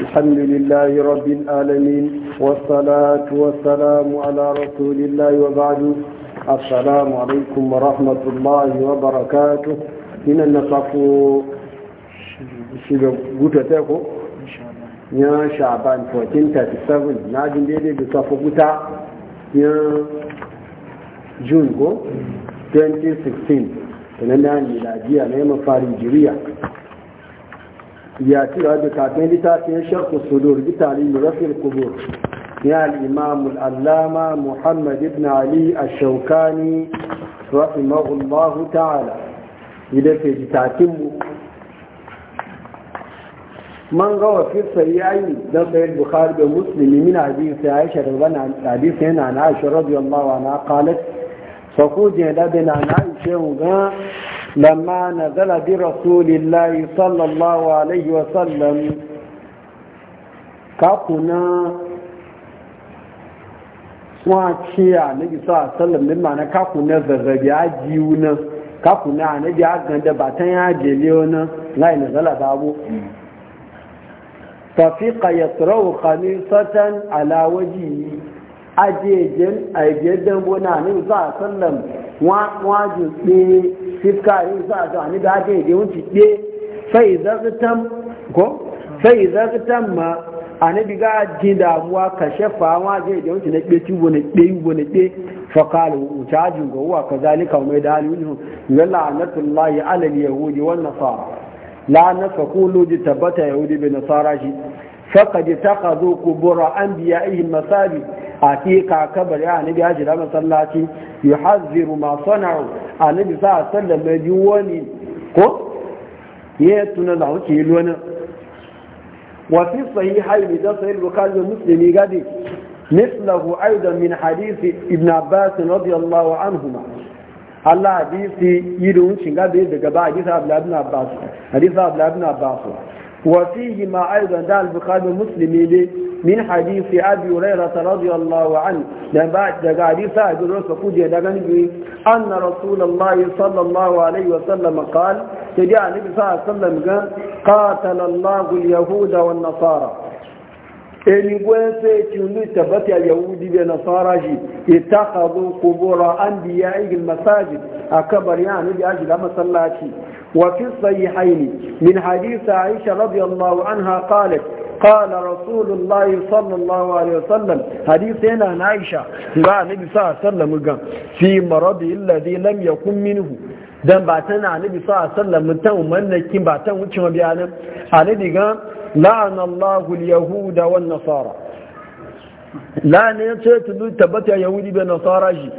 الحمد لله رب العالمين والصلاة والسلام على رسول الله وبعد السلام عليكم ورحمة الله وبركاته هنا نصف شبه يا شعبان 1437 ناجم ديدي بصف قطع يا جون 2016 sanannan miladiya na yamma farin jiriya ياتي هذا كاتين لتاتي شرح الصدور بتعليم رفع القبور يا الإمام العلامة محمد بن علي الشوكاني رحمه الله تعالى إذا في تاتم من غوى في الصحيحين ده البخاري ومسلم من حديث عائشة رضي الله عنها حديث عن عائشة رضي الله عنها قالت فقوجي لابن عن عائشة لما نزل برسول الله صلى الله عليه وسلم كاكونا wace a nabi sa sallam din mana kaku na ba ta ya jele wani na ina zala babu tafiqa ya tsirau khamisatan ala a gidan bona nabi fiska yin sa zuwa ni da haka yi wunci ɗe sai zartan ko sai zartan ma ani biga ji damuwa ka shafa ma zai da wunci na ɗe ci wani ɗe yi wani ɗe fakal wucajin ga uwa ka zalika mai da halin ga layi alal yahudi wan nasara la nafaku loji tabbata yahudi bi nasara shi faqad taqadu qubur anbiya'ihim masabi a fi kakabar ya annabi ya jira masallaci haziru ma sana'u annabi sa sallan mai wani ko ya tuna da wuce yi lona wasu sahi haini da sahih bukari da muslimi gadi mislahu aidan min hadisi ibn abbas radiyallahu anhuma Allah hadisi yi da wuce gadi daga ba a gisa abu labin abbas وفيهما أيضا ده البخاري ومسلم من حديث أبي هريرة رضي الله عنه نبات دقاري سعد الرسول قد أن رسول الله صلى الله عليه وسلم قال تجاء النبي صلى الله عليه وسلم قال قاتل الله اليهود والنصارى eni gwen sai tunu tabbata yahudi da nasara shi ittakhadhu qubur anbiya'i al masajid akabar ya nabi aji da masallaci وفي الصحيحين من حديث عائشة رضي الله عنها قالت قال رسول الله صلى الله عليه وسلم حديث هنا عن عائشة قال النبي صلى الله عليه وسلم في مرضه الذي لم يكن منه dan ba tana annabi sallallahu alaihi wasallam mutan wannan ba tan wuce mabiya nan annabi ga la'ana Allahu al-yahuda wan nasara la ne ce tudu tabbata da nasara shi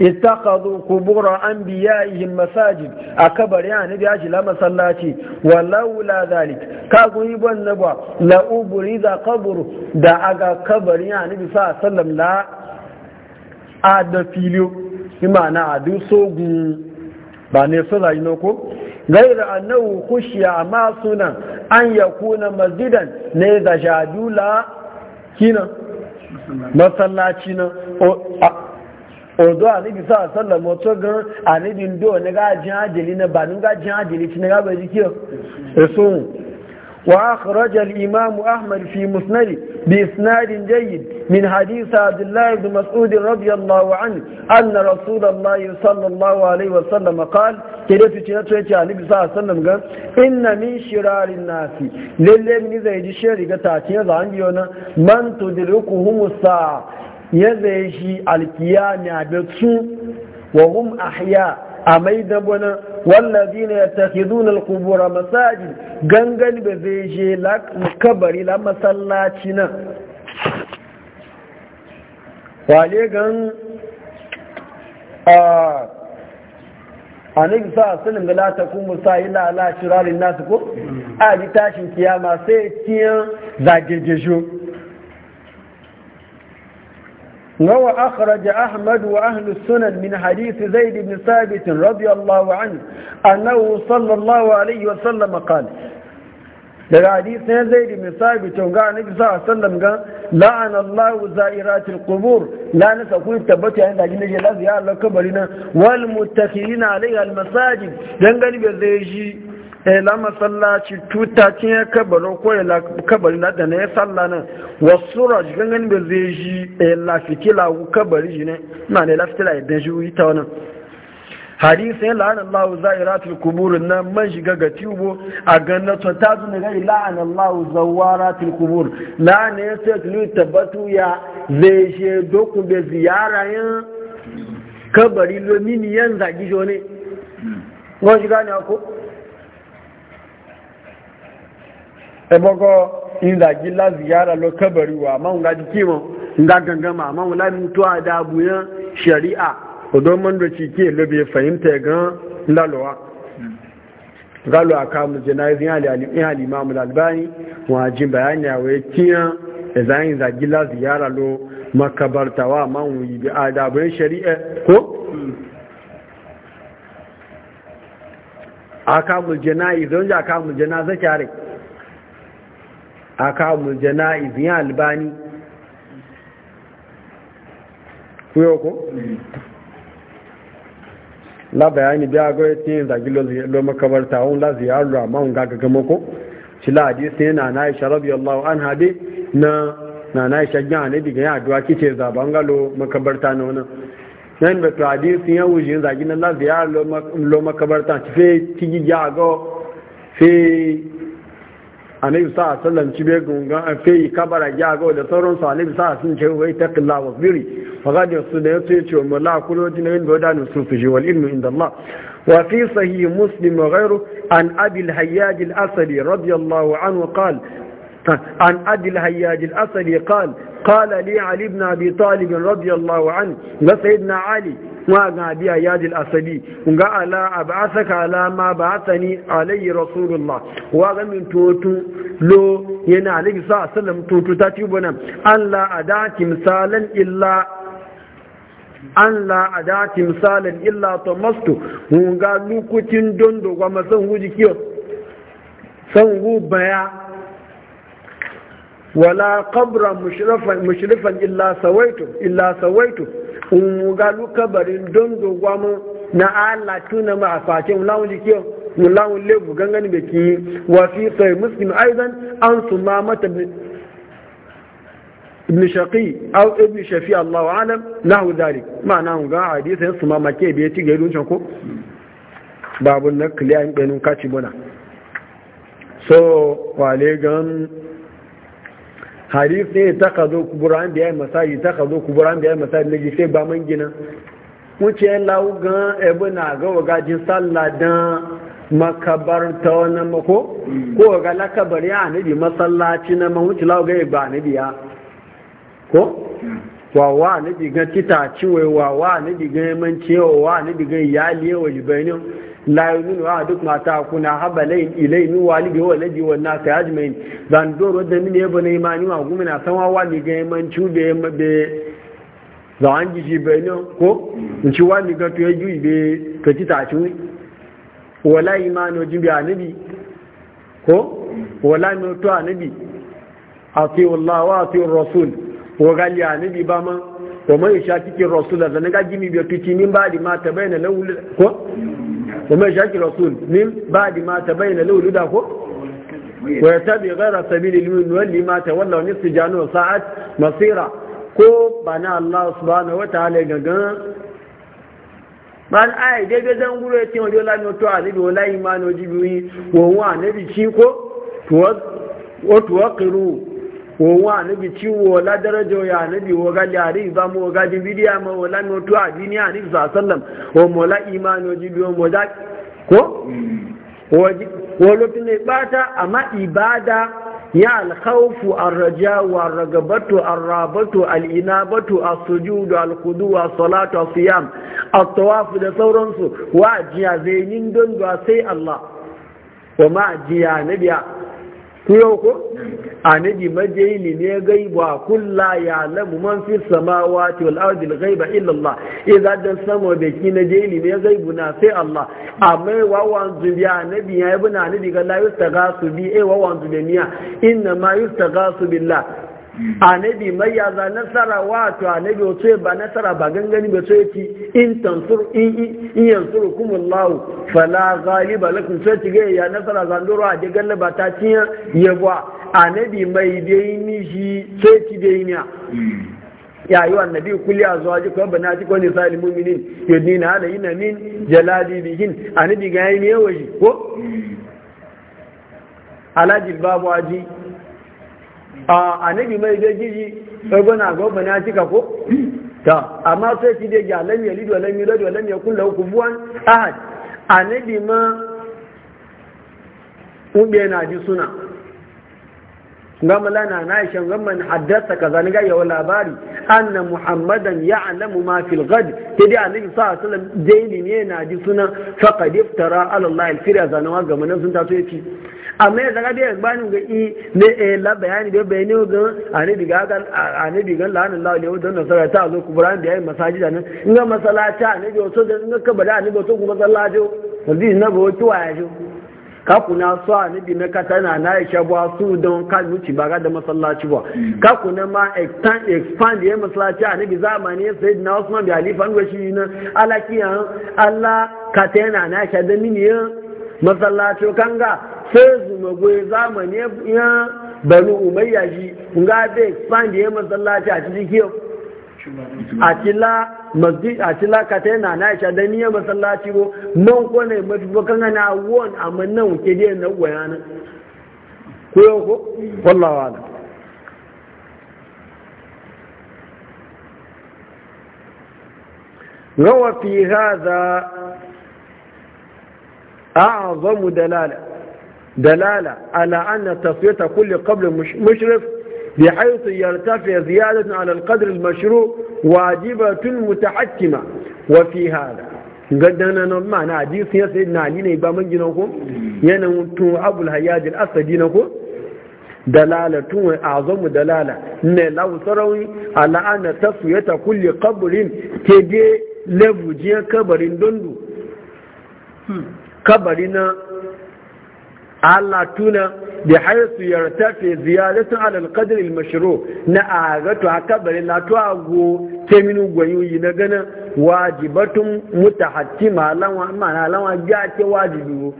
ittakhadhu qubura anbiya'ihim masajid a kabari annabi ya shila masallaci walau la zalik ka guni ban naba la ubriza qabru da aga kabari annabi sa sallam la a da filiyo imana a du sogun ba ne su rayu na ko gairu annahu khushiya amma sunan an yakuna masjidan ne da jadula kina masallaci na odo anibi sa sallam wato gan anibi ndo ne ga jin ajili na ba nun ga jin ajili ci ne ga ba jikiyo eso wa akhraj al imam ahmad fi musnad bi isnad jayyid min hadith abdullah ibn mas'ud radiyallahu anhu anna rasulullah sallallahu alaihi wa sallam qala kede tu ci na to yace anibi sa sallam gan inna min shirarin nasi lalle min zai ji shiri ga ta ce zan biyo na man tudrikuhum sa ya zai shi na da su wa a ahya a mai dabana wannan zina ya tafi zunar kubura masaji gangan da zai je kabari la masallaci nan wale gan a anabi sa sunan da lati kuma sa ila ala shirarin nasu ko a ji tashin kiyama sai kiyan zagejejo وهو أخرج أحمد وأهل السنن من حديث زيد بن ثابت رضي الله عنه أنه صلى الله عليه وسلم قال daga hadisin zai da misali tunga a nabi sa'a sallam ga la'an Allah za'iratul qubur la nasa ku tabbata yayin da gina je la ziyara kabari nan wal muttakhilina alaiha al masajid dan bai zai shi ila eh, masallaci tuta cin ya kabaro ko ya kabari na da na ya salla nan wasu raj gangan zai ji ila eh, fitila ko kabari ji ne na ne lafitila idan shi wuyi ta wani hadisi ya la'an za'ira zairatul kuburu na man shiga ga tubo a gannatu ta zuna ga la'an zawara zawaratul kuburu la'an ya sai tulu tabbatu ya zai she dokun da ziyara yin kabari lomini mini yan zagi jone Wani shiga ne ko ebogo inda gila ziyara lo kabari wa ma nga jiki nga gangama ma wala mutuwa adabu shari'a odoman da cike lo bai fahimta ga lalowa galo aka mu janazin ali ali ali imam al-albani bayani ya za gila ziyara lo makabarta wa ma wuyi bi shari'a ko aka mu ja aka mu akamul jana'iz ya albani kuyo ko la bayani biya ga yace zagi lo makabarta on la ziyaru amma on ga gaga mako ci la hadisi yana na Aisha radiyallahu anha dai na na na Aisha ga ne diga ya duwa kice zaban ga lo makabarta na wannan nan da to hadisi ya wuje zagi na la ziyaru lo makabarta ci fe ci ga ga fe annabi sa sallam ci be gunga a kabara ya ga da sauran su sa sun ce wai taqilla wa biri fa su da yace ce mu la kullu din su fi wal ilmu inda Allah wa fi sahih muslim wa ghayru an abi al-hayyaj al-asadi radiyallahu anhu qala عن أبي الهياج الأسدي قال قال لي علي بن أبي طالب رضي الله عنه وسيدنا علي wa ga biya yajil asabi ga ala abasaka ala ma ba'athani alayhi rasulullah wa ga min totu lo yana alayhi sallam totu ta ci bonan Allah adati misalan illa an la a dati misalin illa to mastu hunga lukucin don dogwa masan hu jikiyo san hu baya wala qabra mushrifan illa sawaitu illa sawaitu umugalu lukabarin don dogwamu na ala tuna ma a face mulawun jikiyo lawon lebu gangan da ki wa fi sai muslim aizan an su ma mata ibn shaqi aw ibn shafi Allahu alam nahu ma na ga hadisi su ma make da yaci ga dun ko babun nakliya benun kaci buna so kwale gan hadis ne ta ka zo kuburan da ya yi masaji ta ka zo kuburan da ya yi masaji na gife ba man gina wuce ya lawu ebe na ga wagajin sallah makabar ta wani mako ko ga lakabar ya anabi masallaci na mahuci lawu ya ba anabi ya ko wawa anabi gan titaci wai wawa anabi gan yamanci wawa anabi gan iyali wa jibanin la yuzinu wa duk mata kuna habalain wali da wale ji wannan ta yaji mai zandor wadda mine ba ne imani ma gumi na sanwa wali ga man chube be za an ji be no ko in ci wali ga to yi be to ti ta ci wala imani jibi anabi ko wala no to a fi wallahi wa fi rasul wa gali ya anabi ba man wa mai cikin rasul da ga jimi be to ci min ba di ma ta bayyana lawul ko ومن يشاك الرسول من بعد ما تبين له الهدى ويتبع da سبيل المؤمن واللي ما تولى ونصف جهنم ساعة مصيرة ko ba na Allah subhanahu wa ta'ala gangan ba na ayi dai zan gure ce wajen lami wato a zibi wala imani wajen wa wa na ko tuwa kiru wọ́n nabi ciwo la darajo ya nabi wa ga yari ba mu ga bidiya ma wala no to adini ani sallam wa mola imano jibi wa moda ko wa mm. lotin ne bata amma ibada ya alkhawfu arraja wa ragabatu arrabatu alinabatu as-sujudu alkudu qudu wa salatu asiyam da sauransu wa jiya zainin don sai Allah wa ma jiya nabiya yau ko nabi majaili ne gaiba kulla ya lamu man fi samawati wal ardi al ghaiba illa Allah idan dan samo be ki na jaili ne gaibu na sai Allah amma wawan zubiya annabi ya ibn annabi ga la yustagasu bi eh wawan zubiya inna ma yustagasu billah annabi mai ya za nasara wato annabi wato ba nasara ba gangani ba so ki in tansur in in yansuru kumullahu fala ghaliba lakum so ki ga ya nasara zandoro a digan laba ta tiya yabwa annabi mai dai ni shi so ki dai ni ya yi wannan biyu kulli a zuwa na bana jikwa ne sa ilimin yadina da yin min jalali bihin annabi ga yi ne yawa ko alajil babu aji annabi mai gajiji ɗagona gobe na cika ko? ta amma sai ci dai ga lam yalid wa lam yulad wa lam yakul ahad annabi ma umbe na ji suna gama lana na aishan gamman haddasa kaza ni ga yawa labari anna muhammadan ya'lamu ma fil ta dai an sallallahu alaihi wasallam ne na ji suna faƙadif iftara ala allah al fira zanawa ga manan sun taso yace amma ya zaga da bani ga i ne e bayani da bayani ga annabi ga ga annabi nan in kakuna so a nibi na kata na na ya shabuwa su don kan ci ba da masallaci ba kakuna ma expand ya masallaci a nibi zamani ya sayi na wasu mabi halifan gwashi na alakiyan allah kata na na ya da mini ya masallaci kan ga sai zumagwe zamani ya bari umayya shi nga bai expand ya masallaci a cikin a cila masjid a tilaka ta yana na aisha da niyyar masallaci ko man kone mafi bakan ana won amma nan ke dai na goya nan ko yau ko wallawa da rawa fi hadha a'zamu dalala dalala ala tafiye ta kulle qabl mushrif بحيث يرتفع زيادة على القدر المشروع واجبة متحكمة وفي هذا gaddana nan ma'ana hadisi ya sayi na ali ne ba man gina ko yana mutu abul hayyaj al asadi na ko dalala tun azamu dalala ne lawu sarawi ala ta taswiyata kulli qabrin ke de kabarin kabari na Allah tuna bi haisu yartafi ziyadatu ala al-qadr al-mashru na agatu akabarin la to ago keminu goyuyi na gana wajibatun mutahattima lan wa mana lan wa ja ke wajibi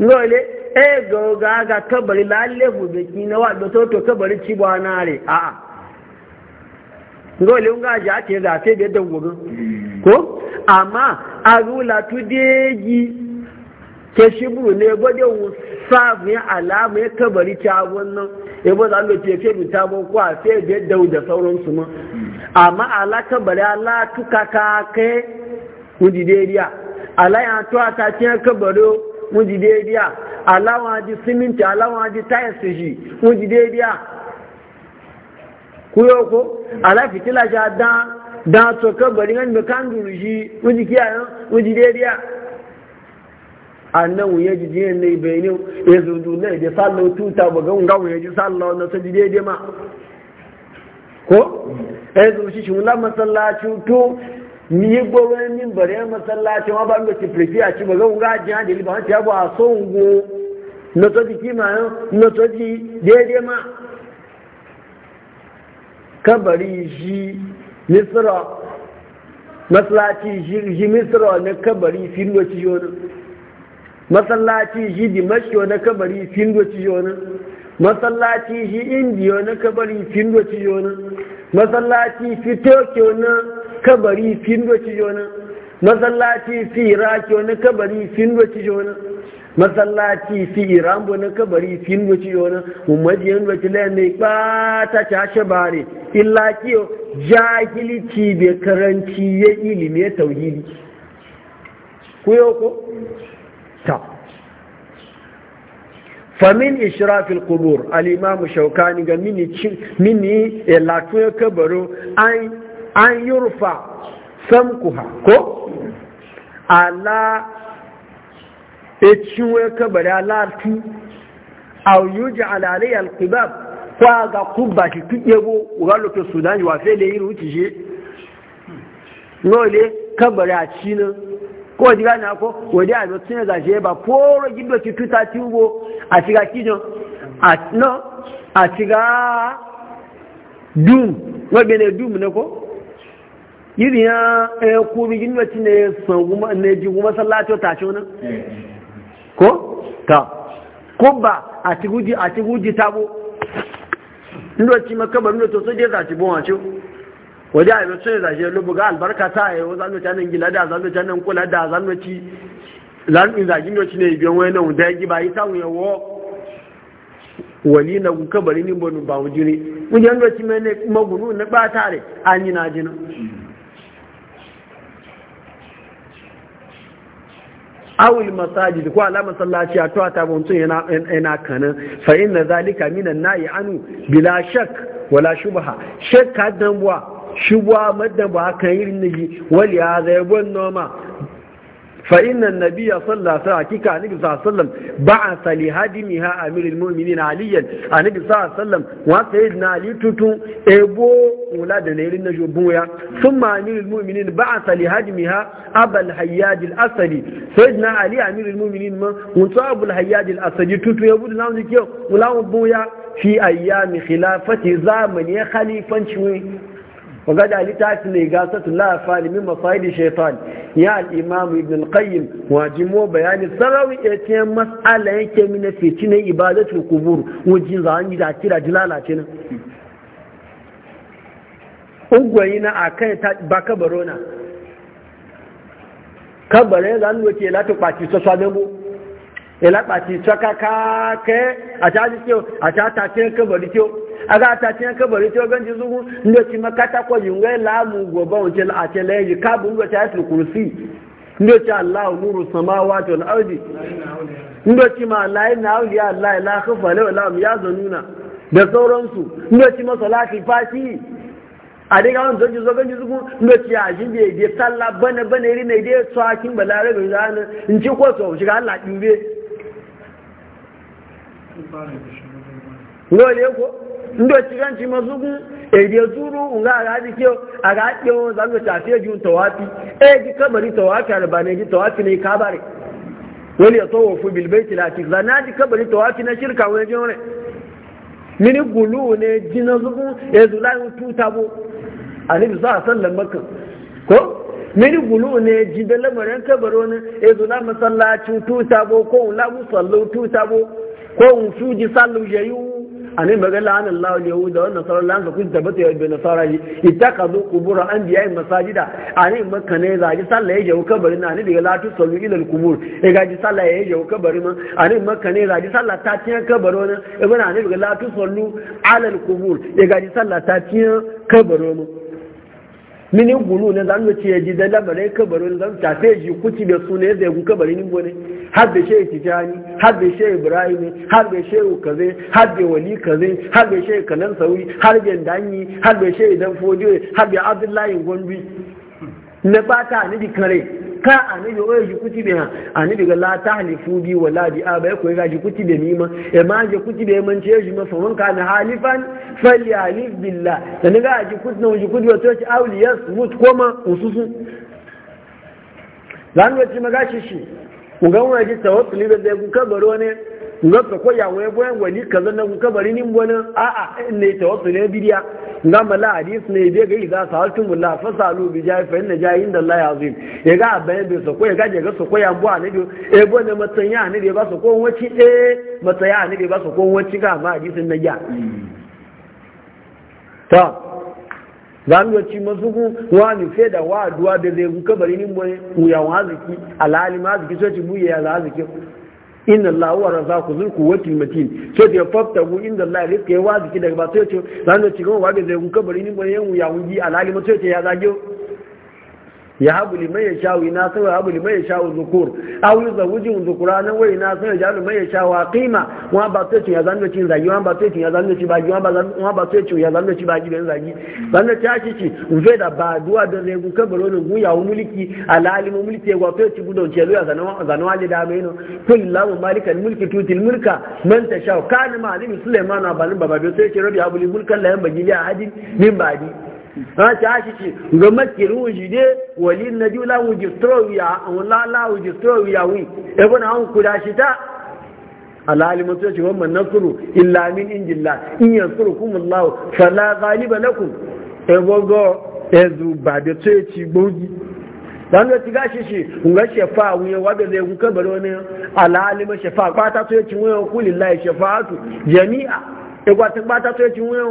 ngole e go ga ga kabari la lebu be kina wa do to to kabari ci ba na re a a ngole unga ja ke da fe be da go ko amma agula tudeji ke shiburu ne gode wusi sabu ya alama ya kabari ta wannan ya za mu ce ce mu ta bon kwa sai da yadda da sauran su ma amma ala kabari ala tuka ka kai wudi deriya ala ya to ta ce kabari wudi ala wa ji siminti ala wa ji tayar su ji wudi deriya kuyo ko ala fitila ja da da to kabari ngan me kan duru ji wudi kiyaye wudi deriya annan wuya ji jiyan ne benin ya zuzu ne da sallau tuta ba ga wunga wuya ji sallau na su daidai ma ko ya zuzu shi wula masallacin to ni yi gwagwani min bari yan masallacin wa ba mu ci prefi a ci ba ga wunga ji hadi liba wani ya bu a son go na to jiki ma yan na to ji daidai ma kabari shi misra masallaci shi misra na kabari filo ci yonin masallaci shi dimashki wani kabari findo ci wani masallaci shi indiya wani kabari findo ci wani masallaci fi tokyo na kabari findo ci wani masallaci fi iraki wani kabari findo ci wani masallaci fi iran wani kabari findo ci wani umarjiyar wacce layan mai ɓata cashe bare illa kiyo jahilci bai karanci ya ilimi tauhidi ku yau ko ta famin israfil kubur al'imamu shaukani ga mini e, latuwa kabaro an yurfa samkuha ko ala eciwe kabari alatu au yuji alalai alkibab kwa ga kubba shi tuɗebo wuralukin sudan yi wafe da yi ruci je nole kabari a cinin kowace gani ako wadda wadi a zai tun zashe ba kowace ragin da ki tuta tubo a shiga kijin a no a shiga dum wadda ne dum ne ko yiri ya ɗaya eh, kuri ragin ci ne san ne ji kuma sallato ta ce wani ko ta kubba a tiguji guji ta tabo ndo ci makaba ndo to so je za ci bon a wajen a yau sai zashe lubuga albarka ta yi wa zanu ta nan gila da zanu ta nan kula da zanu ci zanu in zagin yau ne biyan wani nan da ya ba yi wuyan yawo wani na guka bari ni bonu ba mu ne mun yan lokaci mai ne magunu na ba tare an yi na jina awul masajid ko ala masallaci a to ta tun yana yana kanin fa inna zalika minan nayi anu bila shak wala shubha shakka dan buwa shubwa madda ba haka irin ne wal ya zai bon noma fa inna nabiyya sallallahu alaihi hakika annabi sallallahu alaihi wasallam ba'atha li hadimiha amirul mu'minin aliyan annabi sallallahu alaihi wasallam wa sayyidina ali tutu ebo wala da ne irin na jubun ya thumma amirul mu'minin ba'atha li hadimiha abul hayyaj al asadi sayyidina ali amirul mu'minin ma mutu abul hayyaj al asadi tutu ya budu namu kiyo wala bu ya fi ayyami khilafati zamani ya khalifanci وقد علي تعسل إقاسة لا أفعل من مصايد الشيطان يا الإمام ابن القيم واجمو بيان الثروي اتيام مسألة من فتنة إبادة القبور وجزان يتعكير جلالاتنا ugwayina a kan ba kabarona kabarai zanuwa لا lati سوى sassa ìlápàtí sọ́ká káàkẹ́ àtàtí tí ó àtàtí ẹkẹ́bọ̀rí tí ó agátàtí ẹkẹ́bọ̀rí tí ó gẹ́ndì zúgún ní ó ti mọ́ kátàkọ́ yìí ń gẹ́ láàmù gbọ̀bọ̀n àtẹlẹ́yìn káàbù ń gbẹ̀tẹ̀ àti kùrùsì ó ti aláwọ̀ múrù sọmáwá tó ó ti máa láì na èdè tó akíngbàlá rẹ̀ gbèsè àná lóòlé kó ndo chiganchi mazugu èdè zuru nga a gaɗi kyau a zango tafiye ju tawafi e ji kabari tawafi albane ji tawafi ne kabari wali ya tsowo fu la tilati zana ji kabari tawafi na shirka wani jin wani mini gulu ne ji na zugun ya zula yin tuta bu a nufi sa a sallan makan ko mini gulu ne ji da lamarin kabaro ne e zula masallaci tuta bu ko wula musallu tuta bu ko in fuji sallu yayu ani maga la'an Allah wal da wa nasara lan ka kun tabbata ya bin nasara ji ittakazu qubur anbiya masajida ani makka ne za ji sallah ya yau kabari na ani daga latu sallu ila al qubur e ga ji sallah ya yau kabari ma ani makka ne za ji sallah ta tiyan kabaro na e ga ani daga latu sallu ala al qubur e ga ji sallah ta tiyan kabaro mu. mini gulu ne zan ya ji da labarai kabarin zan tafe ji kuci da su ne zai gu kabarin ne har da shehu tijani har da shehu ibrahim har da shehu kaze har da wali kaze har da shehu kanan sauri har da danyi har da shehu dan fodiyo har da abdullahi gombi na bata ni di kare ka anabi waya ji kuti be ha anabi ga la tahlifu bi wala bi aba e ko ga ji kuti be ma e ma ji man ce ji ma fa man kana halifan falyalif billah dan ga ji kuti ji to ci awliyas mut koma ususu dan ga ci magashi shi ku ga wani ji tawakkuli da ku kabaro ne nga ka koya wa ya bayan wali kaza na bari nin wani a'a ne tawassul ne biriya nga mala hadis ne bai ga za sa haltun billah fa salu bi jahi fa inna jahi inda Allah azim ya e ga bayan e bai so koya e ga ga so koya bu ne bi e bo ne matanya ne ba so ko wace e mataya ne ba so ko wace ga ma hadisin na ya ta za mu ci masu ku wa ni fe da wa duwa da zai kuka bari nin wani uyawa ziki alali ma ziki so ci buye ya ziki inna Allah wa razaqu zul wati matin sai da faftahu inna Allah ya wa ki daga ba sai ce zan ci gon wa ga zai kun kabari ni ban yan wuya wuji alali sai ce ya zage ya habu liman ya sha ina sai ya habu liman ya shawo zukur aw yuzawuju zukurana wai na sai ya ja man ya wa qima wa ba sai ya zanno cin zagi wa ba sai ya zanno ci bagi wa ba wa ba sai ya zanno ci bagi dan zagi da ta ci ci zai da ba duwa da zai gun kabaro ne gun ya mulki alalim mulki wa sai ci gudon ce ya zanawa zanno dama da mai no kullahu malikal mulki tutil mulka man ta sha. ma ali sulaiman ba balin baba sai ce rabi habu mulkan la yan bagi a hadin min badi ha ci haki ci ga makiri wuji ne wali na ji la wuji trowiya an la la trowiya wi ebe na an kuda shi ta alhali mutu ce wa man nasuru illa min injillah in yansuru kumullahu fala ghaliba lakum ebe go ezu ba da tsoye ci gbogi dan da tiga shi shi nga shafa wuye wada zai ku kabaro ne alhali ma shafa kwata tsoye ci wuye kulillahi shafa'atu jami'a e kwata kwata tsoye ci wuye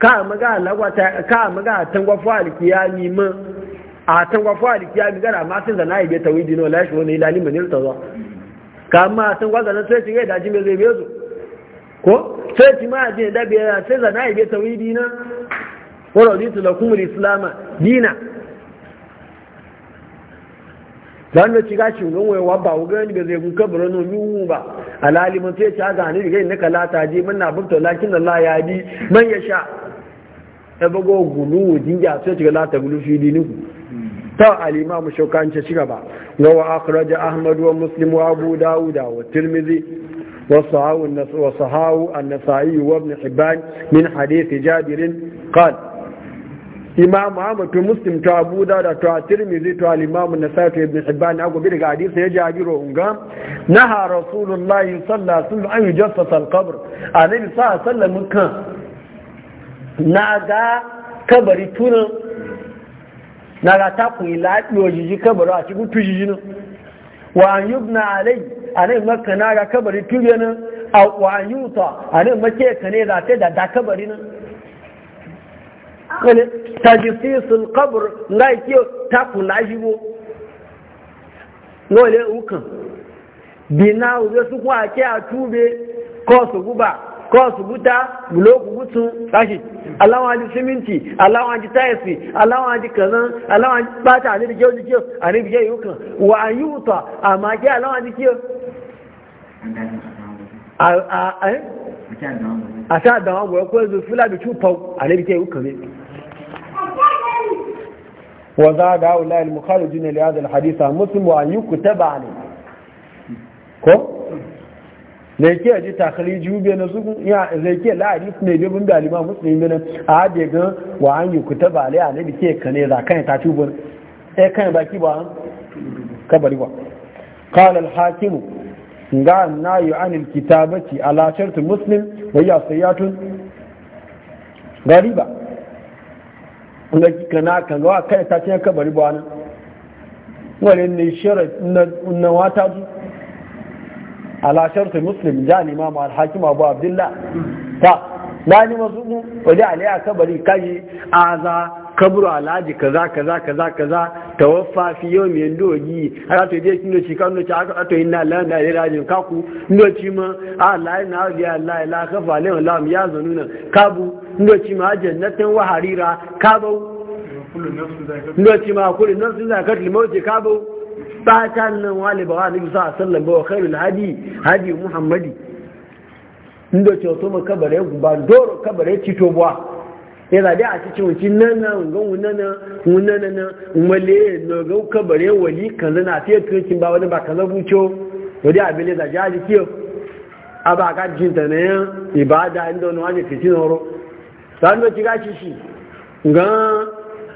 ka maga lagwata ka maga tangwa fali kiyami mu a tangwa fali kiyami gara ma sun zana ibe tawidi no lashi wani ilali mun irta zo ka ma tangwa zana sai ci ga daji me zai bezo ko sai ci ma je da biya sai zana ibe tawidi na wa raditu lakum al-islam dina dan da shiga shi ngon waya wabba wa gani be zai gun kabaro no mi ba alali mun sai ci ga ni gani na kalata taji mun na bukta lakin Allah ya bi man sha. ẹbọ́gọ́ gùnú òdíjà tí ó ti láta gùnú fi di níkù tọ́ Ta mú ṣe ọkà ń ṣe ṣígaba wọ́n wọ́n da ahmadu wa muslim wa abu dawuda wa tirmidhi wa sahawu annasa'i wa ibn ibban min hadith jabirin qad imam muhammad to muslim to abu dawuda to tirmidhi to Alimam, nasa'i to ibn ibban ago bi daga hadith ya jabiro nga naha rasulullahi sallallahu alaihi wasallam an yujassasa qabr anabi sallallahu alaihi wasallam kan na ga kabari tunan na ga takun ilaɗiwa jiji kabari a cikin tujiji nan wa an na alai a nan maka na ga kabari tuye nan a wa an yuta a nan maka ka kane za ta da dada kabari nan tajisisul kabur nga ike takun lajibo wale ukan na ube su kuma ke a tube ko su guba ko su guta bulo ku gutsun tashi alawan ji siminti alawan ji tayasi alawan ji kazan alawan ji bata ne bige ji kiyo a ne bige yukan wa an yi wuta a maki alawan ji kiyo a sha da wa gwaya kuwa zufula da cupau a ne bige yukan ne wa za ga wula al-mukharijin li hadha al-hadith muslim wa an ne ko zai ke ji takali jube na su ya zai ke la'ari su ne bibin da alima musulmi ne a haɗe gan wa an yi kuta ba alai ne bike ka ne za kan ta tubu eh kan baki ba kabari ba qala al-hakim ga na yu an al-kitabati ala shart muslim wa ya sayatun gariba kuma kana kan ga kai ta cin kabari ba nan wani ne sharat na wata ji ala shartu muslim da imam al-hakim abu abdullah ta dani mazubu waje aliya kabari kaji aza kaburu alaji kaza kaza kaza kaza tawaffa fi yawmi ndoji ala to je kino shi kanu cha aka to inna la na ila rajin kaku ndoji ma ala na ya ala ila khafa la la ya zanuna kabu ndoji ma jannatin wa harira kabu ndoji ma kullu nafsin zakatul mawt kabu batan nan wale ba wani bisa sallan ba wa khairul hadi hadi muhammadi inda ce wato mun kabare guba doro kabare cito buwa ya zade a cikin wuce nan nan ga wunan nan wunan nan male ga kabare wali kaza na fiye tukin ba wani ba kaza buco wadi abele da jaji a ba ka na ne ibada inda wani wani fitin horo hannun ci gashi shi ga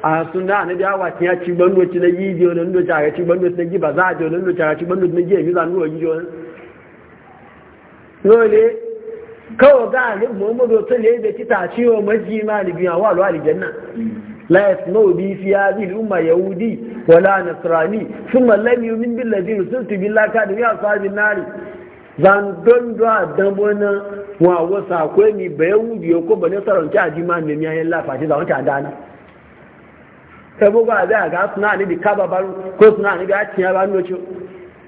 a suna a nabi awa ya ci bandoci na yi jiyo na ndoci a ci bandoci na giba za a jiyo na ndoci a ci bandoci na giya yi zanen wa N'o lole kawo ga alif muhammadu ta ne da kita cewa maji ma da biya wa alwali janna la yasma'u bi fi ya al-umma yahudi wala nasrani thumma lam yu'min bil sun su billahi ka da ya sahabi nari zan don do dan bona wa wasa ko mi bayudi ko bane saron ta ajima ne mi ayin lafa ti zan ta dana sabo ga za ga suna ni bi kaba baro ko suna ni ga tiya ba no cho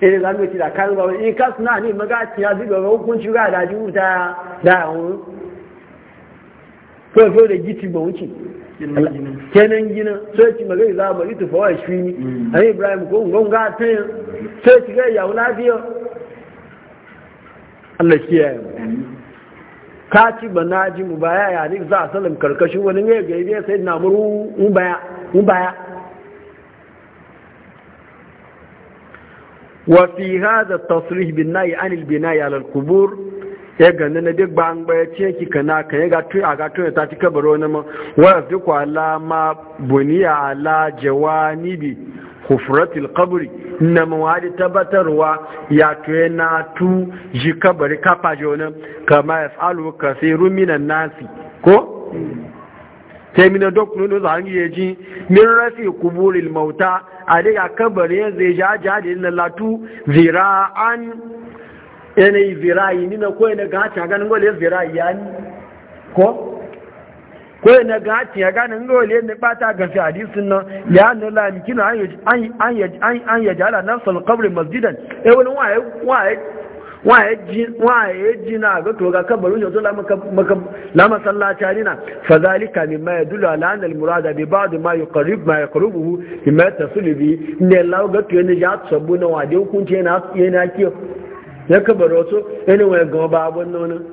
eh ga no ti da kan ba in ka suna ni maga tiya zi ga hukunci ga da ji uta da hu ko so e da giti ba wuce kenan gina sai e ci magai za mu itu fa wai shi ai mm. ibrahim ko ngon ga tin sai e ci ga ya lafiya Allah kiyaye mu ka ci na ji mu baya ya ni za a salim karkashin wani ne ga ibe sai na muru mu baya mu baya wa fi hada tasrih bin nahy an al bina'i ala al qubur ya ganna na duk ban ya ce ki kana kan ya ga a ga ta ci kabaro na ma wa duk qala ma buniya ala bi kufratil kaburi na mawadi tabbatarwa ya tuye na tu ji kabari kafa kama yasalu kasiru minan nasi ko Sai terminal document da zan yi ji min rafi kuburil mauta a daga kabarin zai ja ja da yin latu zira'an yanayi zira'i ni na koyi na gaci a ganin gole zira'i ya ni ko koyi na gaci a ganin gole na bata ga fi hadisin nan ya ni lamikina an yaji ala nan salkabrin masjidan e wani waye waye jina ga to ga kabarin yanzu la yadullu ala anna al-murada bi ba'd ma yuqarrib ma ne ga to ne ya tsabu na wade yana ya to ene waye ga ba abun nan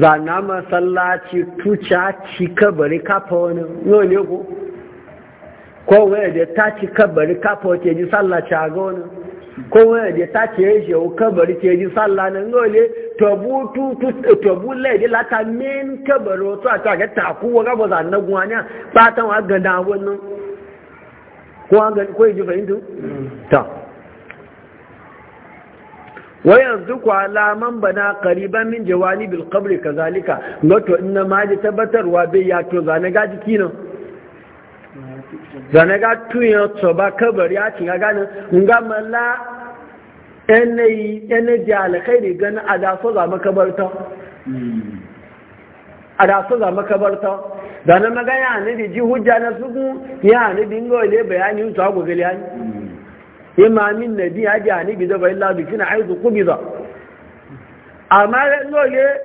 zana masallaci tuca ci kabari kafa wani yau ne ko ko wani da ta ci kabari kafa ke ji sallah cago ne ko waya da ta ci yi shehu kabari ke ji sallah ne nole tobu tu tu tobu lata min kabari to a ta ga ta ku wa ga bazan guwanya ba ta wa ga da wannan ko an ga ko ji fahimtu ta wayanzu kwala alaman bana qariban min jawani bilkabri ka zalika noto ina ma ji tabbatarwa bai ya to zane gaji kinan zane ga tuyin tsoba kabari a cin gaganin nga mala energy alkhairi gani a da so za makabarta a da so za makabarta zane maga ya ne da ji hujja na suku ya ne da inga wale bayani su hagu gali hannu imamin na biya ji hannu bi zaba illa bi kina aizu kubiza amma da inga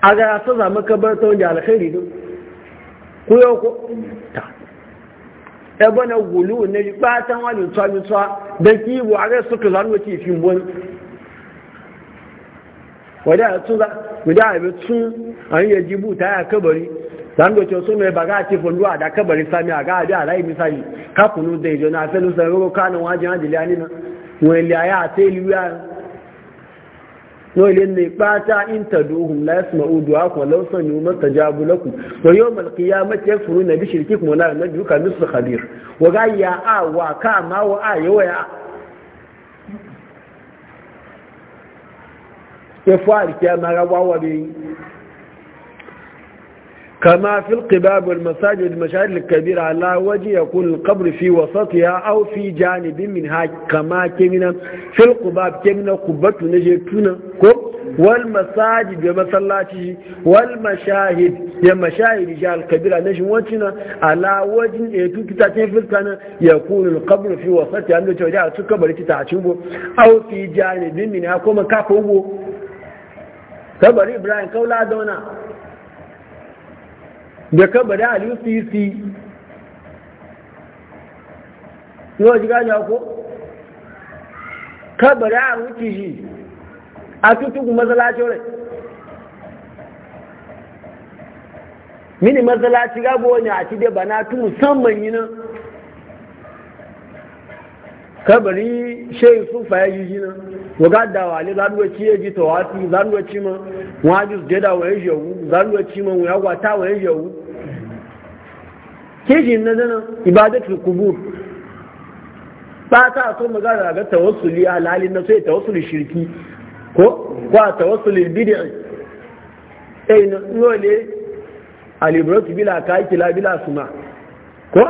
a ga so za makabarta wanda alkhairi duk kuyo ta ebe na gulu na ji batan wani tsa mi tsa da ki bu a rai suka zanu ci fi bon wada tun da wada abi tun an ya jibu ta ya ada sami aga ada alai misali ka kunu de na fe lu sa ro kana waje an dilani na wele aya dole ne bata in taduhum la yasma'u du'akum law sami'u ma tajabu lakum wa mace al-qiyamati yakfuruna bi shirkikum wa na duka misl khabir wa ga ya a wa ka ma wa a ya ya fa alkiyama ga wawa كما في القباب والمساجد المشاهد الكبيرة على وجه يكون القبر في وسطها أو في جانب منها كما كمنا في القباب كمنا قبة نجيتنا والمساجد ومسلاته والمشاهد يا مشاهد جاء الكبيرة نجوتنا على وجه يكون كتاتين في الكنا يكون القبر في وسطها أنه تودع تكبر تتعشبه أو في جانب منها كما كفوه كبر إبراهيم قولا دونا da kabarin aliyu sisi yau ji gani ko kabarin a wuce shi a tutugu matsalacin rai mini matsalaci gaba wani a cide ba na tu musamman yi nan bari shehu sufa ya yi nan wagadawa ne zanuwaci ya ji tawafi zanuwaci ma wajen su jada wa ya jawu zanuwaci ma wa ya gwata wa ya jawu keji na zana ibadatul kubur ba ta so magana ga tawassuli a halin na sai tawassuli shirki ko ko a tawassuli bid'i eh no ne alibrat bila kaiki la bila suma ko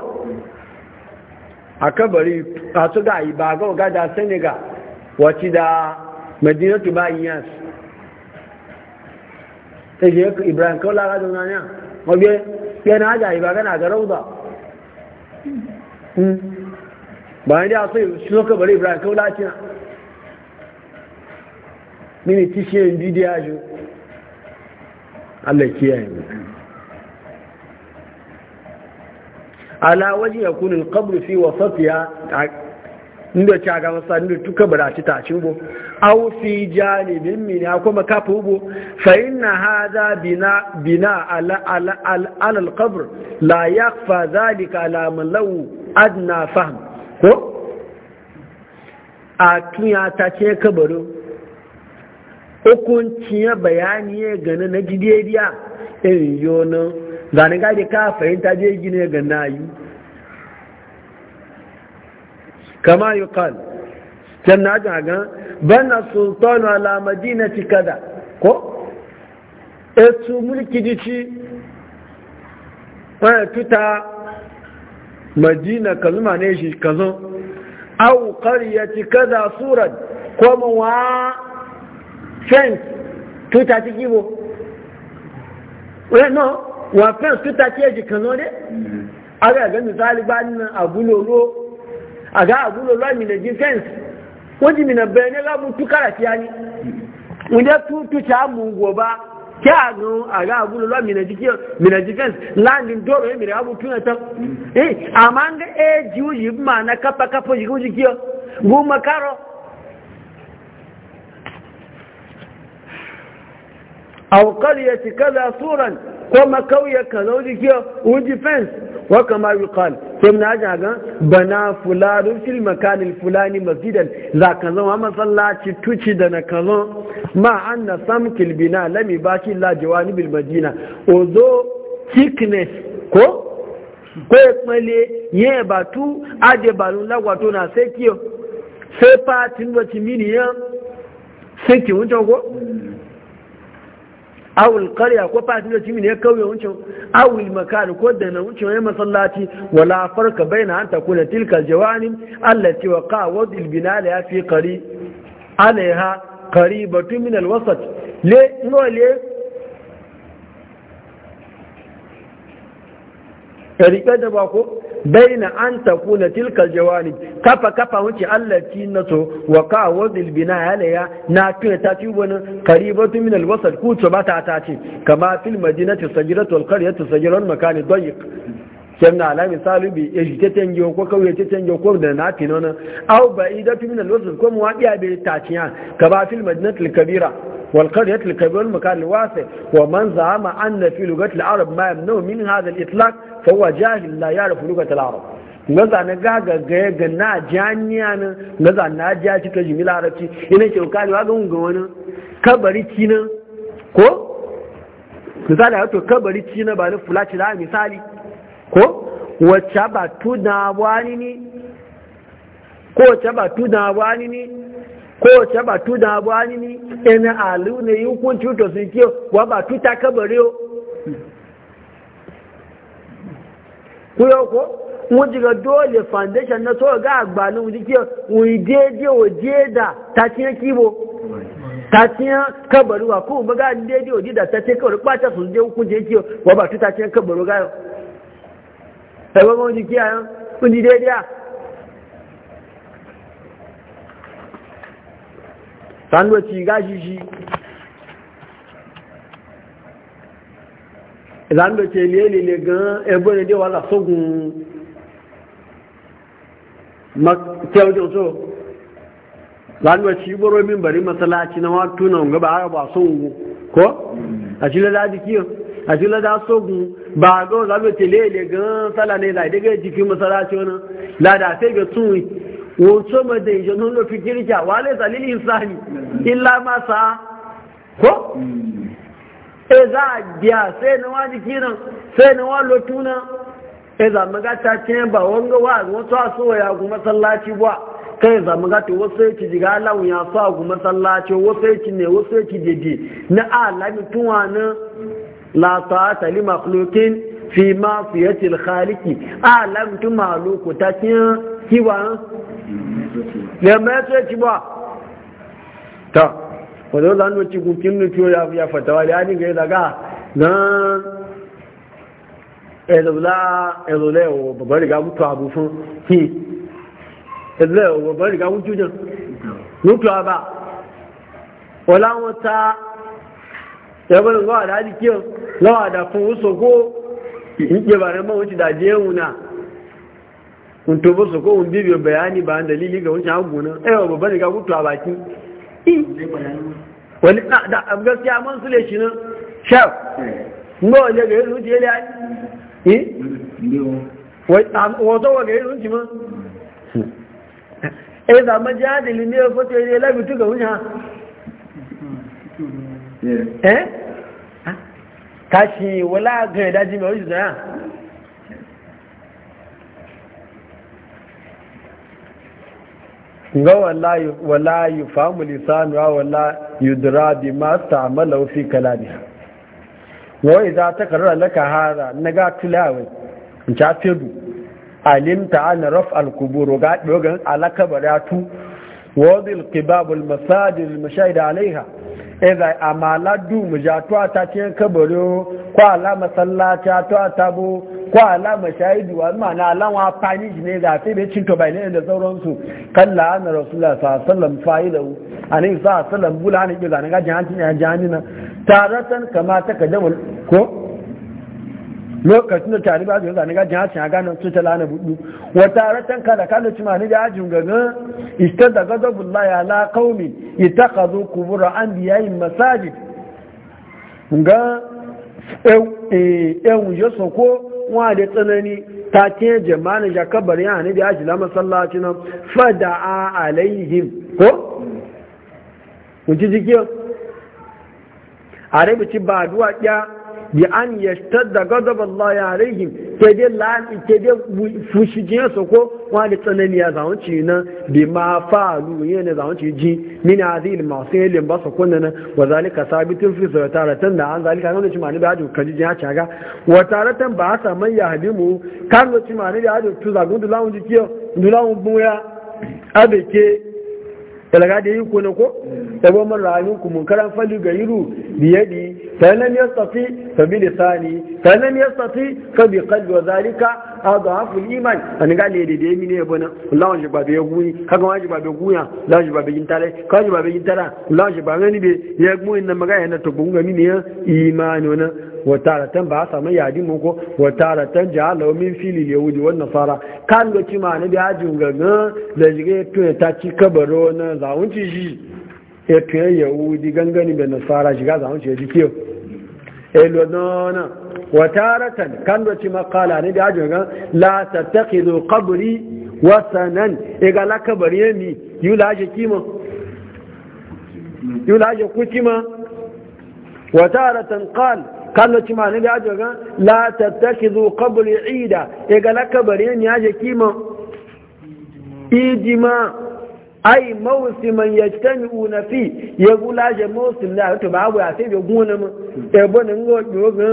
a kabari a to ga ba ga ga da senegal wace da madinatu ba iyas Ibrahim je ibrahim kawla ga dunaniya mabe yana haja yi ba gana ga ra'uza hmm. Ba ya da sai shi suka bari ibrahim kawo latina. mini tishiyan bidiya ju allah kiyaye mu ala waje ya kunin kabri fi wasatiya inda ci a ga masa tuka buraci ta ci bo aw fi janibin min kuma kafa bo fa inna hadha bina bina ala ala ala al qabr la yakhfa dhalika ala man law adna ko a tuya ta ce kabaro hukunciyar bayani ya gani na jideriya in yonan zanen gaji ka fahimta je gina ya na yi kama yi kan can na ajin agan bana sultanu madina ci ko etu mulki jici wani tuta madina ka zuma ne shi ka au ci kada surat ko wa fence tuta ci gibo wa fence tuta ci eji kan zo ne aga ga misali ba nan aga agulo lami na defense wadi mina bene la mutu kala tiyani unja tu tu cha mungu oba kya no aga agulo lami na dikio mina defense land ndoro e mina abu na ta eh amanga e jiu yima na kapa kapo jiu dikio nguma karo aw qaryati kaza suran ko makauya kaza dikio un defense wa kama yuqal sai mun haja ga bana fulanu fil makan fulani masjidan za ka zama masallaci tuci da na kazo ma anna samkil bina lam yubaki la jawanibil madina ozo thickness ko ko male ye batu aje balun lagwato na sai sai fatin wacin miniyan sai ki wuce ko awul karya ko fatin da cimi ne ya kauye wuncin awul makan ko da na wuncin ya masallaci wala farka baina anta takuna tilka jawani allati wa qawad al binal ya fi qari alaiha qaribatu min al wasat le no le tarika da ba ko baina an takuna tilkar jawanib kafa kafa wuce allati nato wa ka wadil bina alaya na tuna ta ci wani qaribatu min alwasal ku to bata ta ce kama fil madinati sajiratu alqaryatu sajiran makani dayiq kem na ala misali bi ya e shi teten yi ko kawai teten yi ko da na fi na. au ba ida fi minan ko mu waɗiya bai taciya ka ba fil madinatul kabira wal qaryatul kabira wal makan wasi wa man zama anna fi lugatil arab ma yamnu min hadha al itlaq fa huwa jahil la ya'rifu lugatil arab nga zana gaga ga ga na janiya nan nga na ja ci ta jimila arabci ina ke kali wa ga mun ga wani kabari ci nan ko misali a to kabari ci na ba ni fulaci da misali ko wacce ba tuna wani ne ko wacce ba tuna wani ne ko wacce ba tuna wani ne ina alu ne yi hukunci to sun ke wa ba tuta kabare yo kuyo ko mun ga dole foundation na so ga agbalin wuri ke wuri daidai wa jeda ta ciye kibo ta ciye kabari wa ba ga daidai wa jeda ta ciye kabaru kwata su je hukunci ke wa ba tuta ciye kabaru ga ẹgbẹ́ wọn jí kí àyán ó jí dédé à sánúwẹ̀ tí ìgá gan ẹgbẹ́ ìdí wà lásọ́gùn tẹ́ọjọ́ tó lánàá ci boro min bari masalaci na watu na gaba ba, sun ko a ci lada a ci sogun ba ga za mu tele le gan sala ne la daga jikin masallaci wannan la da sai ga tun wato ma da je non lo fikirja wale zalil insani illa ma sa ko e za biya sai na wa jikinan sai na wa lotuna e za mu ga ta ce ba wanga wa wato so ya ku masallaci ba kai za mu ga to wasu yake jiga lawun ya so ku masallaci wasu yake ne wasu yake jeje na alami tuwa na la ta'ata li makhluqin fi ma'siyati al-khaliq alam tu maluku ta kin kiwa ne ma ce ci ba ta wato zan wuce gukin nuto ya ya fatawa ni ga daga nan ezula ezule riga mutu abu fun ki ezule riga mutu mutu wala yabon zuwa da hadikiyar zuwa da fun wuso ko yake ba da mawuci da je wuna kun tobe su ko un biyu bayani ba dalili ga wancan hagunan ewa babba ne ga kutu a baki wani da gaskiya man su le shi nan shaf ngo wanda ga yanzu je liya eh wato wa ga yanzu ma eh da majadili ne fa to ne labi tuka wancan ẹ́ eh? ah. wala ìwọ láàgán daji mai oríṣìí náà ga wala yi famu lisanuwa wala yudura bi masta amala fi kalamiya wai za ta karara laka hara na ga tulawai in ca fedu alimta ana raf alkuburu ga dogon alakabar ya tu wadil kibabul masajin mashai da alaiha eza amala du muja to ta ce kabaro ko ala masallaca to ta bu ko ala mashahidu wa mana ala wa fani ne ga sai be cin to bai ne da sauran su kalla anna rasulullah sallallahu alaihi wasallam fa'ilahu anin sa sallam bula ne ga ga jahannin jahannin taratan kama ta kadamul ko lokacin da tare ba zuwa zane gajin a ganin tuta lana budu wata ratan kada kada cima ni da ajin gaga ista da bulla laya la kaumi ita ka zo kubura an biyayin masajid ga yawon ya soko wa da tsanani ta ke jamani ja kabar ya ni da ajin la masallaci nan fada a alaihim ko? Kunci jikin? A rabici ba duwa bi an da ghadab Allah alaihim ke dai lani ke dai fushijin su ko wani tsanani ya zaun ci na bi ma falu ne zaun ci ji min azil masilin ba su kunna nan wa zalika sabitin fi taratan da an zalika kan ci mani da ajo kaji ci caga wa taratan ba a man ya mu kan ci mani da ajo tuzagun dulawun jikiyar dulawun buya ke. talaga da yi kone ko sabon man rayu ku mun karan fali ga yiru biyadi sanan lam yastati fa bi lisani sanan ya yastati fa bi qalbi wa zalika adhafu al-iman an ga le de mi ne bona Allah ji ba be guni kaga ma ji ba be guya Allah ji ba be ka kaga ji ba be gintara Allah ji ba ngani be ya gmu inna maga yana to bunga mi ne imani wataratan ba a samu yadi mu ko wataratan jahalau min fili yahudi wannan fara kan lokaci ma na biya jin gangan da jire to ta ci kabaro na zaunci shi ya to yahudi gangani da nasara shiga zaunci ya ji kiyo elo nona wataratan kan da ma kala ne biya jin gangan la tattakhidu qabri wasanan la kabari mi yula je kima yula je ma وتارة قال kan ci ma ne da ajo ga la tattakizu qabl ida e ga la kabari ne ya je kima ijima ai mawsiman yajtami'una fi ya gula je mawsim da to babu ya sai be gona mu e ne bonin go ga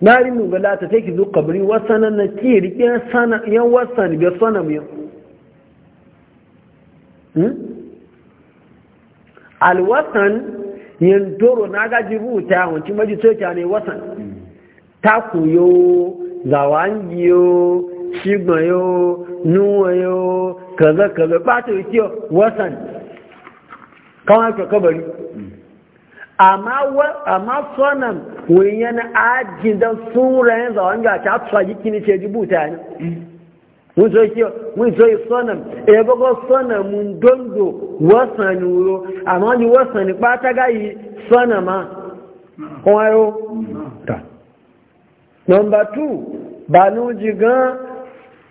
nari mu ga la tattakizu qabri wasanan na ki rike sana yan wasan be sana mu hmm? alwasan yin toro na gaji rubuta ya wancin maji tsoka ne watan takuyo zawangiyo shigbayo nuwayo kaza kaza ba ta yi kiyo watan kawai kakabari. amma sonan wani yana aji don surayen zawanga ta tsaji kini ce rubuta ne mun so yi sonan ebe ko sonan mun dondo wasan ni wuro amma ni wasan ni pata gayi ma kuma yau ta number 2 bàánú jí gan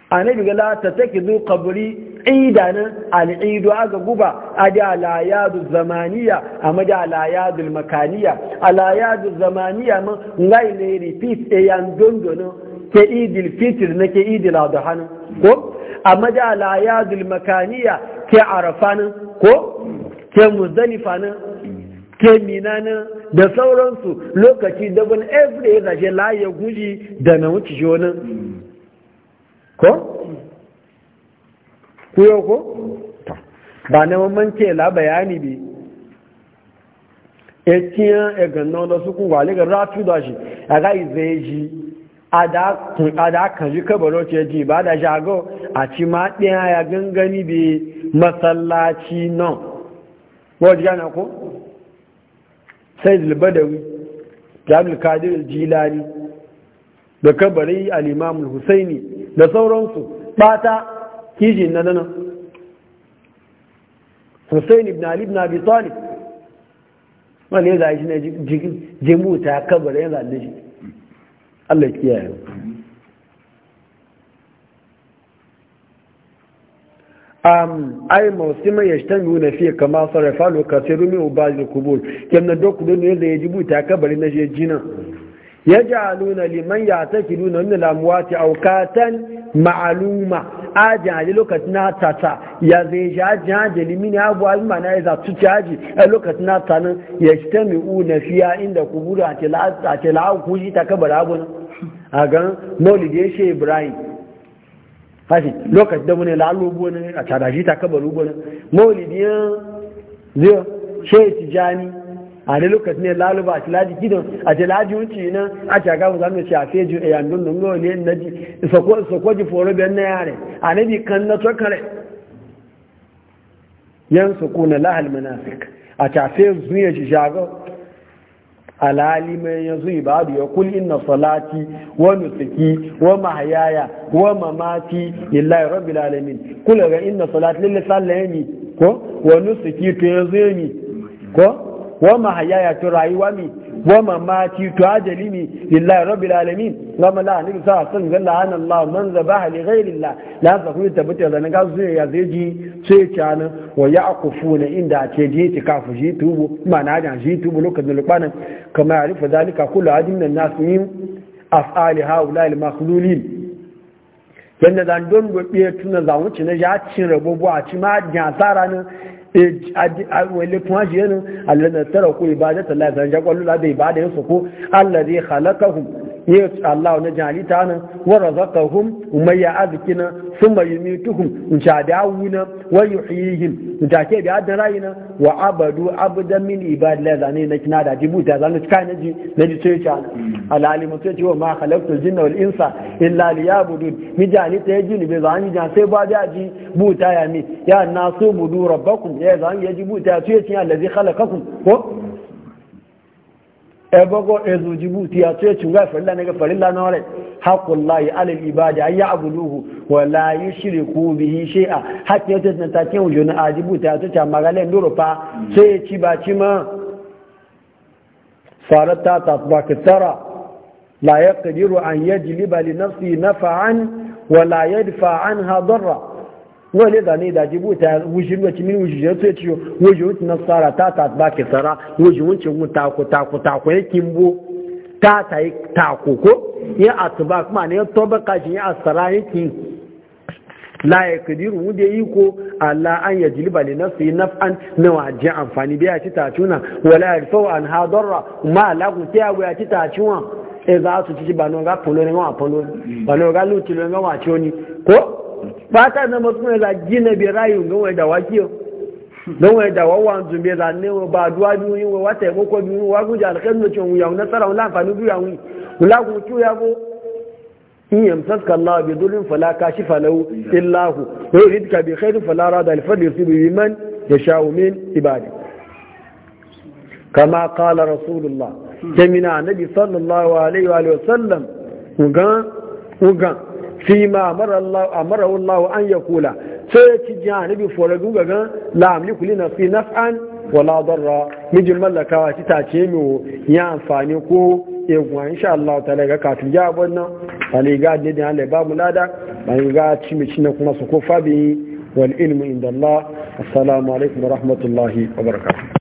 annabi ga la ta take zo kaburi idanin al'idu aga guba a da zamaniya a mada alayadu makaniya zamaniya ne ke idil fitir na ke idil adhanin ko makaniya ke arafanin ko ke muzdalifa nan ke mina nan da sauransu lokaci dabin every ya zaje laye guji da na wuce shi wani ko? kuyo ko? ba na ke la bayani bi etiyan egan na wadda su kun gwale ga ratu da shi a ga izaye shi ada kan ji kabaro ce ji ba da shago a ci ma ɗaya ya gangani da masallaci nan wajen gana ku? sai zilbadawi jami'ul kadir jilani da kabari al'imamul husaini da sauransu ɓata kijin na nanan husain ibn ali ibn abi talib wani ya zai shi ne jimuta kabarin zalle shi Allah ya kiyaye am ay mawsima yashtamuna fi kama sarafa lokacin kasiru min ubaz kubur, qubur na doku don yadda ya ta kabari na jina nuna liman ya nuna min al aukatan awqatan ma'luma ajali lokacin na tata ya zai jaja da limini abu abin ma na ya za tu jaji a lokacin na tanin yashtami'una fiya inda kubura ta la'aku shi ta kabari abu nan a gan maulidi ya shi ibrahim hashi lokacin da mune lalo gona a tarashi ta kabaru gona maulidi ya zai shi tijani a da lokacin ne lalo ba a tilaji gidan a tilaji wuce na a caga mu zamu ci a feji eh, a yandun da gawa ne na ji sokoji foro biyan na yare a na bi kan na tokare yan sukuna lahal munafik a tafe zuwa shi shagon alalimin yanzu ibadu ya kul inna salati wa nusuki wa mahayaya wa mamati lillahi rabbil alamin kul ga inna salati lillahi sallami ko wa nusuki to yanzu mi ko wa mahayaya to rayuwa mi wa mamati to ajali ni lillahi rabbil alamin gama la ni sa san ga la'ana Allah man zabaha li Na Allah la sa ku tabbata da ga su ya zai ji cana wa yaqufuna inda ce je kafu ji tubu ma'ana da ji tubu lokacin kama ya zalika kullu adin nan nasu yin af'ali haula al makhlulin yanda dan don gobe tuna zamuci na ya cin rabobo a ci ma tsara ne wale tun haji yanin alladna taraku ibadatu la zan jaqalu la bi ibadatu suku allazi khalaqahum ya Allah na jalita nan wa razaqahum umayya azkina thumma yumituhum in sha dawu dawuna wa yuhyihim in ta ke da adan rayina wa abadu abdan min ibadillah zane na kina da jibuta zane cika na ji na ji sai ta alalimu sai ce wa ma khalaqtul jinna wal insa illa liyabudun mi jalita ta jini be zani jan sai ba da ji buta ya mi ya nasu budu rabbakum ya zani ya jibuta sai ce allazi khalaqakum ko ebogo ezu jibuti ya ce cunga farilla ne ga farilla na wale haqullahi alal ibadi ay ya'buduhu wa la yushriku bihi shay'a hakki ta tana ta kin wujun a jibuti ya ce ta magale ndoro fa sai ci ba ci ma farata tatbaka tara la yaqdiru an yajliba li nafsi naf'an wa la yadfa anha darra wọ́n lè zane ìdajì bó ta wùsì lọ́tí mi wùsì yẹn tó ẹ̀ tí o wùsì wọ́n ti na sára tààtà bá kì sára wùsì wọ́n ti wù tààkù tààkù tààkù yẹn kì ń bó tààtà yìí tààkù kó àtúbà kuma ni tọ́ bẹ́ ka yẹn sara yẹn kì í láyé kìdírù wọ́n dé yìí àlà an yẹ náà sèé náà an náà wà jẹ́ àǹfààní bí a ti tààtù náà wọlé àrífọ́ àn ha a wẹ̀ a tààtù wọn ẹ̀ fata na masu da gina bi rayun gan wai da wakiyo don wai da wawan zumbe da ne ba duwa biyu yin wai wata yabo ko biyu wa guja alƙan da cin wuya na tsara wala amfani biyu yawun kula ku ku ya go in yamsaka Allah bi dhulmin fala kashifa lahu illa hu wa ka bi khairin fala rada li fadli yusibu biman yasha'u min ibadi kama qala rasulullah jamina nabi sallallahu alaihi wa sallam ugan ugan Sima ma amara Allah an ya kula sai ya ci jiya nabi fora duga gan la amliku li nafsi naf'an wala darra mijin mallakawa ci tace mi ya amfani ko egwa insha Allah ta'ala ga katun ya wannan bani ga dinin Allah ba mu lada bani ga ci mi cinna kuma su ko fabi wal ilmu inda Allah assalamu alaikum wa rahmatullahi wa barakatuh